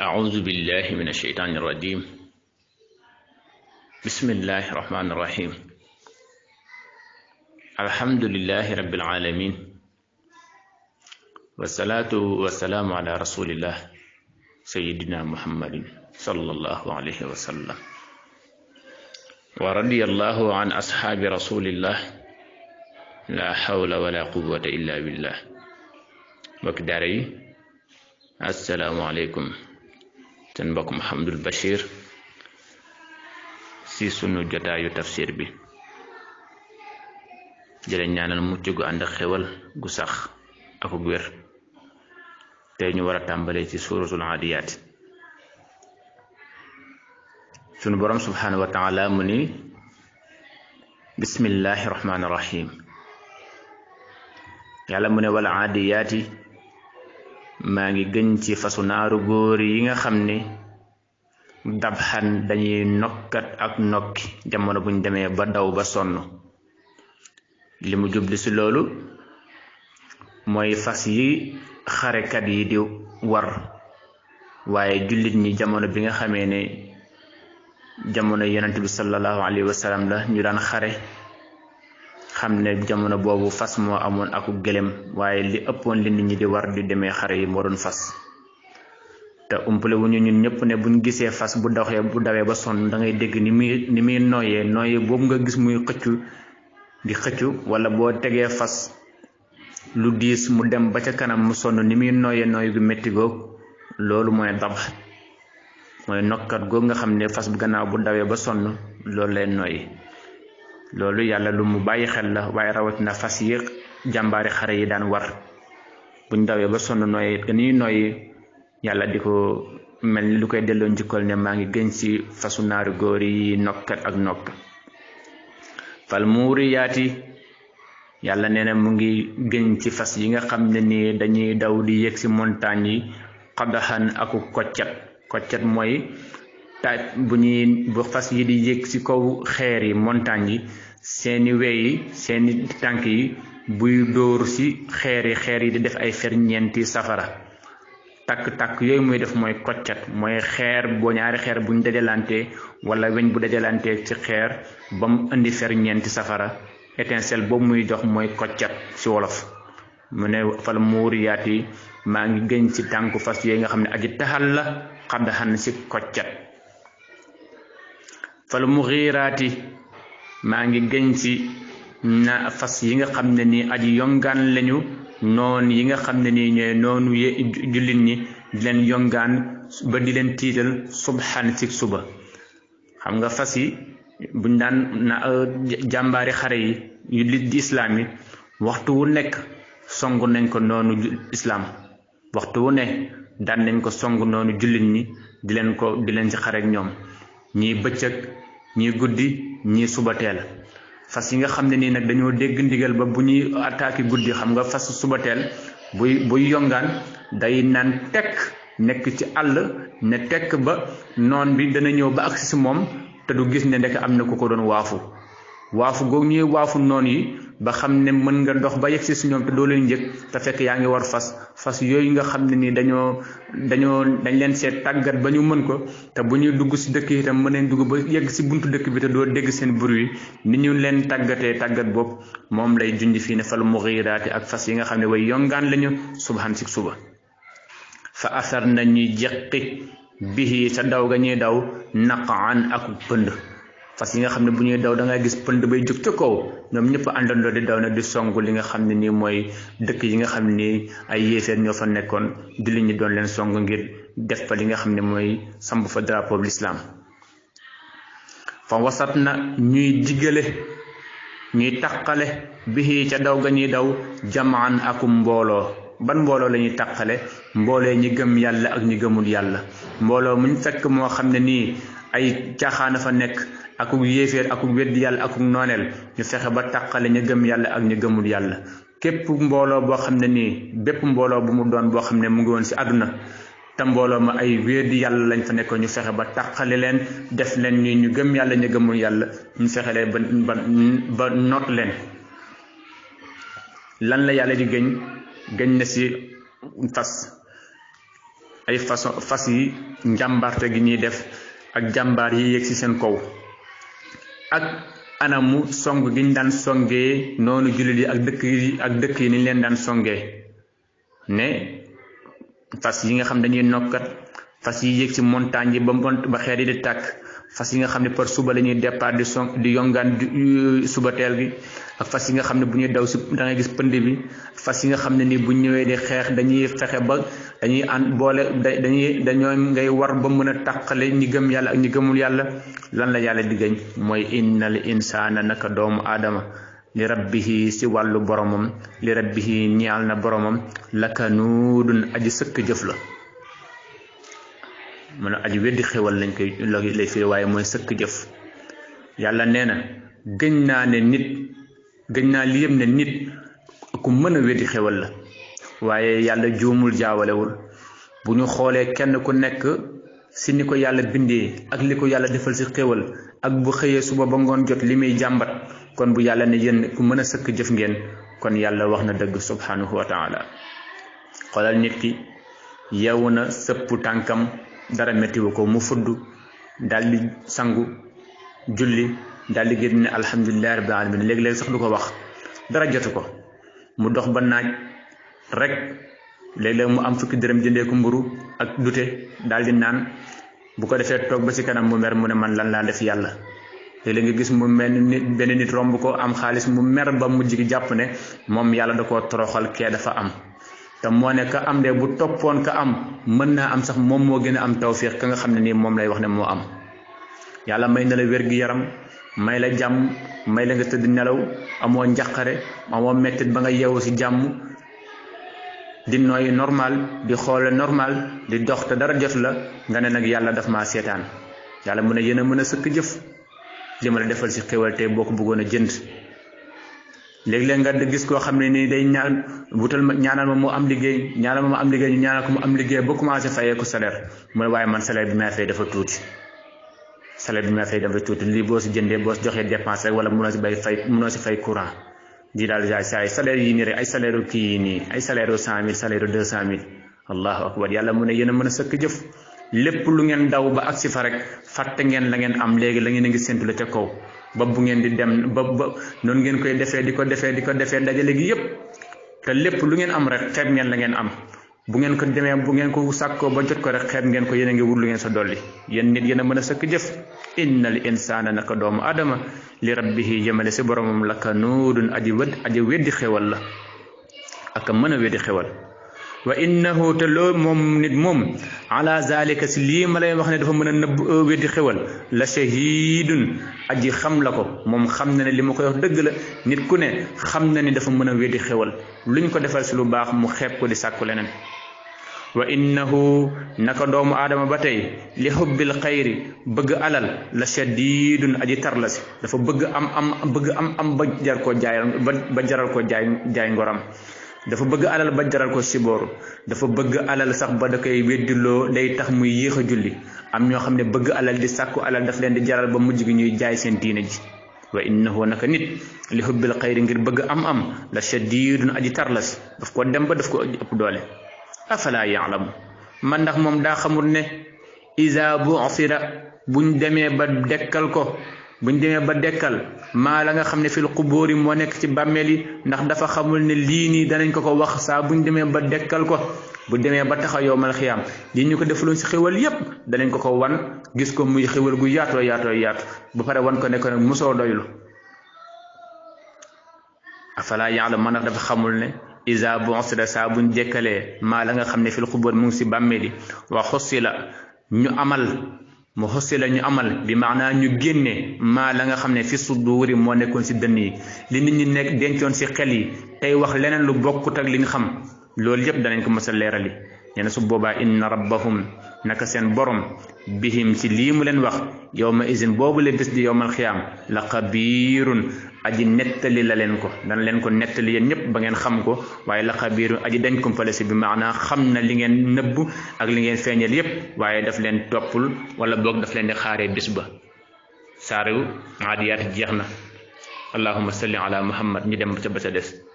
أعوذ بالله من الشيطان الرجيم بسم الله الرحمن الرحيم الحمد لله رب العالمين والصلاة والسلام على رسول الله سيدنا محمد صلى الله عليه وسلم ورضي الله عن أصحاب رسول الله لا حول ولا قوة إلا بالله وكداري السلام عليكم seen mbokk Mouhamadul Bachir si sunu jotaayu tafsir bi jële ñaanal mucc gu ànd ak xewal gu sax ak gu wér tey ñu war a tàmbalee ci suuratul Aadiyaat sunu borom subhaanahu wa taala mu ni bismillahi rahmaani rahim yàlla mu ne wala aadiyaati maa ngi gën ci fasu naaru góor yi nga xam ne xan dañuy nokkat ak nokki jamono buñ demee ba daw ba sonn li mu jubli loolu mooy fas yi xarekat yi di war waaye jullit ñi jamono bi nga xamee ne jamono yonent bi sallallahu alayhi wa la ñu daan xare xam ne jamono boobu fas moo amoon aku gëlëm waaye li ëppoon li nit ñi di war di demee xare yi moo doon fas te umpale wu ñu ñun ñëpp ne buñ gisee fas bu doxee bu dawee ba sonn da ngay dégg ni muy ni muy nooyee nooyee boobu nga gis muy xëccu di xëccu wala boo tegee fas lu diis mu dem ba ca kanam mu sonn ni muy nooyee nooy gu métti googu loolu mooy dabax mooy nokkat googu nga xam ne fas gannaaw bu dawee ba sonn loolu lay nooyi. loolu yàlla lu mu bàyyi xel la waaye rawatina fas yéex jàmbaari xare yi daan war buñ dawee ba sonn nooy dañuy nooy yàlla di ko mel ni lu koy delloo njukkal ne maa ngi gën ci fasu naaru góor yi nokkat ak nopp fal muuriyaati yàlla nee na mu ngi gën ci fas yi nga xam ne nii dañuy daw di yéeg ci montagne yi xadaxan aku koccat koccat mooy taaj bu ñuy bu fas yi di yëg ci kaw xeer yi montagne yi seeni wey yi seeni tànk yi buy dóor ci xeer yi xeer yi di def ay ferñeenti safara takk takk yooyu muy def mooy koccat mooy xeer boo ñaari xeer buñ dajalante wala weñ bu dajalante ci xeer ba mu indi ferñeenti safara étincelle boobu muy jox mooy koccat ci wolof mu ne fal muuriyaati maa ngi gëñ ci tànku fas yooyu nga xam ne aji taxal la xaddaxan ci koccat fal muxiiraati maa ngi gëñ ci na fas yi nga xam ne ni aji yongaan lañu noon yi nga xam ne ni ñooy noonu ye jullit ñi di leen yongaan ba di leen tiital subhan ci suba xam nga fas yi buñ daan na euh, jàmbaari xare yi yu lit di islaam yi waxtu wu nekk song nañ ko noonu islaam waxtu wu ne daan nañ ko song noonu jullit ñi di leen ko di leen ci xare ñoom ñii bëccëg ñii guddi ñii suba teel fas yi nga xam ne nii nag dañoo dégg ndigal ba bu ñuy attaqué guddi xam nga fas suba teel buy buy yongaan day naan tekk nekk ci àll ne tekk ba noon bi dana ñëw ba agsi si moom te du gis ne ndek am na ku ko doon waafu waafu googu ñuy waafu noon yi ba xam ne mën nga dox ba yegsi si ñoom te doo leen yëg te fekk yaa ngi war fas fas yooyu nga xam ne nii dañoo dañoo dañ leen seet tàggat ba ñu mën ko te bu ñuy dugg si dëkk yi itam mën nañ dugg ba yegg si buntu dëkk bi te doo dégg seen bruit ni ñu leen tàggatee tàggat boobu moom lay junj fii ne fal mughiraati ak fas yi nga xam ne way yongaan lañu subhan si suba fa asar na ñuy jeqi bihi sa daw ga ñuy daw naqaan ak pënd fas yi nga xam ne bu ñuy daw da ngay gis pënd bay jóg ca ñoom ñëpp àndandoo di daw nag di song li nga xam ne nii mooy dëkk yi nga xam ne nii ay yéefeer ñoo fa nekkoon di li ñu doon leen song ngir def li nga xam ne mooy samb fa drapeau bi lislaam fa wasat na ñuy digale ñuy taqale bixii ca daw ga ñuy daw jamaan akum mbooloo ban mbooloo la ñuy taqale mboolee ñi gëm yàlla ak ñi gëmul yàlla mbooloo muñ fekk moo xam ne nii ay caaxaana fa nekk akuk yéeféer akuk weddi yàlla akuk nooneel ñu fexe ba tàqale ñu gëm yàlla ak ñu gëmul yàlla képp mbooloo boo xam ne nii bépp mbooloo bu mu doon boo xam ne mu ngi woon ci àdduna te mbooloo ma ay weddi yàlla lañ fa nekkoon ñu fexe ba tàqale leen def leen ñu gëm yàlla ñu gëmul yàlla ñu fexe leen ba ba ba noot leen lan la yàlla di gëñ gëñ na ci fas ay façon fas yi njàmbarte gi ñuy def ak jàmbaar yi yéeg ci seen kow ak anamu song giñ dan songee noonu jullit yi ak dëkk yi ak dëkk yi niñ leen daan songee ne fas yi nga xam dañuy nokkat fas yi yéeg ci montagne yi ba ba xeer yi di tàkk fas yi nga xam ne par suba la ñuy départ di son di yongaan euh, suba teel gi ak fas yi nga xam ne bu ñuy daw si da ngay gis pënd bi fas yi nga xam ne ni bu ñëwee di xeex dañuy fexe ba dañuy ànd boole dañuy dañoo ngay war ba mën a tàqale ñi gëm yàlla ak ñi gëmul yàlla lan la yàlla diggañ mooy innal insaana naka doomu aadama li rabbihi si wàllu boromam li rabbihi ñaal na boromam lakanuudun aji sëkk jëf la mun a aj weddi xewal lañ koy lay firi waaye mooy sëkk jëf yàlla nee na gëñ naa ne nit gëñ naa li yëpp ne nit ku mën a weddi xewal la waaye yàlla juumul jaawalewul bu ñu xoolee kenn ku nekk si ni ko yàlla bindee ak li ko yàlla defal si xéwal ak bu xëyee suba ba ngoon jot li muy jàmbat kon bu yàlla ne yéen ku mën a sëkk jëf ngeen kon yàlla wax na dëgg subhanahu wa taala xoolal nit ki yeewu na sëpp tànkam dara méttiwu ko mu fudd daldi sangu julli daldi génn ne alhamdulillahi rabbil alamin léeg-léeg sax du ko wax dara jotu ko mu dox ba naaj rek léeg-léeg mu am fukki dërëm jëndee ko mburu ak dute daal di naan bu ko defee toog ba ci kanam mu mer mu ne man lan laa def yàlla léeg-léeg nga gis mu mel ni benn nit romb ko am xaalis mu mer ba mujj gi jàpp ne moom yàlla da koo toroxal kee dafa am te moo nekk am de bu toppoon ka am mën naa am sax moom moo gën a am tawféex ka nga xam ne nii moom lay wax ne moo am yàlla may na la gi yaram may la jàmm may la nga tëdd nelaw amoo njaqare amoo mettit ba nga yeewu ci jàmm di nooyi normal di xoole normal di dox te dara jot la nga ne nag yàlla daf maa seetaan yàlla mu ne yéen a mën a sëkk jëf li ma la defal si xéwal tey boo ko bëggoon a jënd léeg-léeg nga gis koo xam ne nii day ñaan wutal ma ñaanal ma mu am liggéey ñaanal ma mu am liggéey ñu ñaanal ko mu liggéey ba commencé fayee ko salaire mu ne waaye man salaire bi may fay dafa tuuti salaire bi may fay dafa tuuti lii boo si jëndee boo si joxee dépense rek wala mënoo si bay fay mënoo si fay courant di daal ay salaire yi nii rek ay salaire kii yi nii ay salaire cent mille salaire deux cent mille allahu akbar yàlla mu ne yéen a mën a sëkk jëf lépp lu ngeen daw ba agsi fa rek fàtte ngeen la ngeen am léegi la ngeen a ngi séntu la ca kaw ba bu ngeen di dem ba ba noonu ngeen koy defee di ko defee di ko defee dajale gi yëpp te lépp lu ngeen am rek xeeb ngeen la am bu ngeen ko demee bu ngeen ko sàkkoo ba jot ko rek xeeb ngeen ko yéen a ngi wut lu ngeen sa dolli yéen nit yéen a mën a sëkk jëf innal insaana naka doomu aadama li rabbihi jëmale si boromam la ka nuudun aji wedd aji weddi xewal la ak mën a weddi xewal wa innahu te loo moom nit moom ala zalika si lii ma lay wax ne dafa mën a nëbb weddi xewal la shahidun aji xam la ko moom xam na ne li ma koy wax dëgg la nit ku ne xam na ni dafa mën a weddi xewal luñ ko defal si lu baax mu xeeb ko di sàkku leneen wa innahu naka doomu aadama ba tey li xubbil xayri bëgg alal la shadidun aji tar la si dafa bëgg am am bëgg am am ba jar koo jaay ba jaral koo jaay jaay ngoram dafa bëgg alal ba jaral ko sibooru dafa bëgg alal sax ba da koy weddiloo day tax muy yéex a julli am ñoo xam ne bëgg alal di sàkku alal daf leen di jaral ba mujj gi ñuy jaay seen diine ji wa innahu naka nit li hubbil xayri ngir bëgg am am la shadidun aji tarlas daf ko dem ba daf ko ëpp doole la yaalamu man ndax moom daa xamul ne isa bu asira buñ demee ba dekkal ko buñ démé ba dekkal ma la nga xamné fil qubóori moo nekk ci bameli ndax dafa xamul ne lii nii danañ ko ko wax sa buñ démé ba dekkal ko bu démé ba taxaw yowmal khiyam di ñu ko defulun ci xéwal yépp danañ ko ko wan gis ko muy xéwal gu yaato yaato yaatu bu pare wan ko ne ko nak muso doylu afala ya'lam man dafa xamul ne isa bonsida sa buñ dékkalé ma la nga xamné fil qubóor mu ngi si bàmmeel wa khusila ñu amal moo muhassila ñu amal bi maanaa ñu génne maa la nga xam ne fi suduuri moo nekkoon si dënn yi li nit ñi nekk dencoon si xel yi tey wax leneen lu bokkut ak li xam loolu yëpp danañ ko mës a leerali nee su boobaa inna rabbahum naka seen borom bihim si lii mu leen wax yow ma isin boobu la bés di yowmal xiyaam la xabiirun aji nettali la leen ko dana leen ko nettali yéen ñëpp ba ngeen xam ko waaye la xabiiru aji dañ kumpale si bi maanaa xam na li ngeen nëbb ak li ngeen feeñal yépp waaye daf leen toppul wala boog daf leen di xaaree bis ba saaru aadiyaat jeex na allahuma salli ala muhammad ñu dem ca ba des